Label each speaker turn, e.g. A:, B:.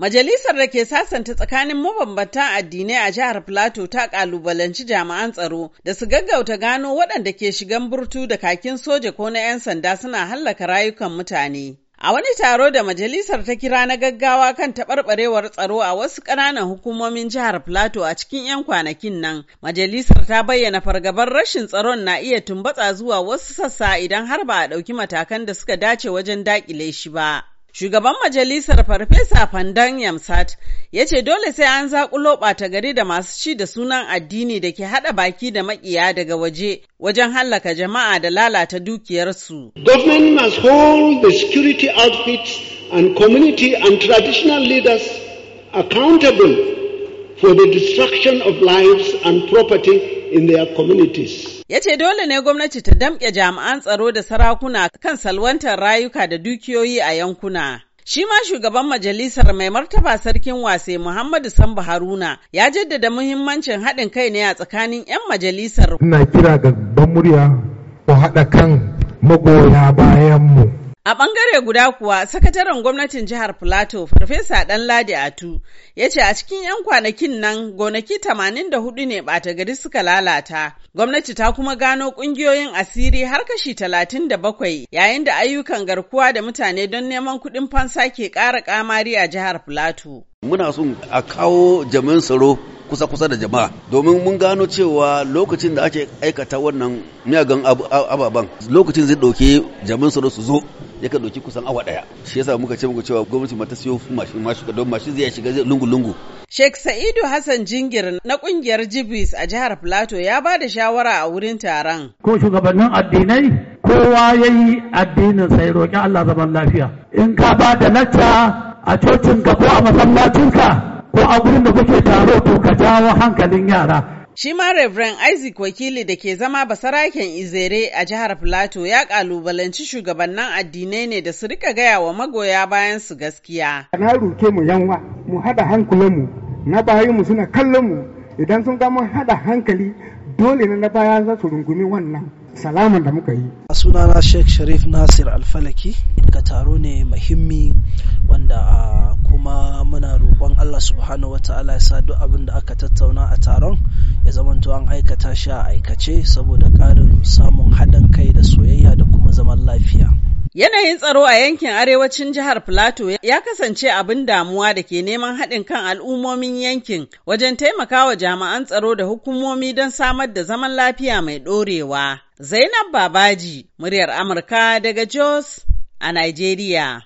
A: Majalisar da ke sasanta tsakanin mabambantan addinai a jihar Plateau ta kalubalanci jami'an tsaro da su gaggauta gano waɗanda ke shigan burtu da kakin soja ko na 'yan sanda suna hallaka rayukan mutane. A wani taro da majalisar ta kira na gaggawa kan taɓarɓarewar tsaro a wasu ƙananan hukumomin jihar Plateau a cikin 'yan kwanakin nan, majalisar ta bayyana fargabar rashin tsaron na iya tumbatsa zuwa wasu sassa idan har ba a ɗauki matakan da suka dace wajen daƙile shi ba. Shugaban majalisar Farfesa Fandan Yamsat ya ce dole sai an zakulo ɓata gari da masu ci da sunan addini da ke haɗa baki da maƙiya daga waje wajen hallaka jama'a da lalata dukiyarsu.
B: Government must hold the security outfits and community and traditional leaders accountable for the destruction of lives and property in their communities.
A: Ya ce dole ne gwamnati ta damƙe jami'an tsaro da sarakuna kan salwantar rayuka da dukiyoyi a yankuna. Shi ma shugaban majalisar mai martaba sarkin wase Muhammadu Sambu Haruna ya jaddada muhimmancin haɗin kai ne a tsakanin 'yan majalisar.
B: Ina kira ga murya ku haɗa kan magoya bayan mu.
A: A ɓangare guda kuwa, sakataren gwamnatin jihar Filato, Farfesa Ɗanladi Atu, ya ce a cikin 'yan kwanakin nan gonaki 84 ne ɓata gari suka lalata. Gwamnati ta kuma gano ƙungiyoyin asiri har kashi 37 yayin da ayyukan garkuwa da mutane don neman kuɗin fansa ke ƙara ƙamari a jihar Filato.
B: Muna son a kawo jamin tsaro kusa-kusa da jama'a domin mun gano cewa lokacin da ake aikata wannan miyagan ababen lokacin zai ɗauki jami'an tsaro su zo yakan ɗauki kusan awa ɗaya shi yasa muka ce muka cewa gwamnati ma ta siyo mashin mashin don mashin zai shiga zai lungu lungu
A: Sheikh Sa'idu Hassan Jingir na kungiyar Jibis a jihar Plateau ya ba da shawara a wurin taron.
B: Ko shugabannin addinai kowa ya yi addinin sai roƙi Allah zaman lafiya. In ka ba da lacca a cocin ka ko a masallacinka ko a wurin da kuke taro to ka jawo hankalin yara.
A: Shi ma Reverend Isaac wakili da ke zama basaraken Izere a jihar Plateau ya kalubalanci shugabannin addinai ne da su rika gaya wa magoya bayan su gaskiya. Na
B: ruke mu yanwa mu haɗa hankulanmu na mu suna kallon mu idan sun ga haɗa hankali dole ne na baya za su rungumi wannan salaman da muka yi. A sunana Sheikh Sharif Nasir Alfalaki, ka taro ne muhimmi wanda ah, kuma muna roƙo Allah subhanahu wa ta'ala ya sa duk abin da aka tattauna a taron ya zamanto an aikata shi a aikace saboda karin samun haɗin kai da soyayya da kuma zaman lafiya.
A: Yanayin tsaro a yankin arewacin jihar Plateau ya kasance abin damuwa da ke neman haɗin kan al'ummomin yankin wajen taimakawa jami'an tsaro da hukumomi don samar da zaman lafiya mai ɗorewa. Zainab Babaji, muryar Amurka daga Jos a Nigeria.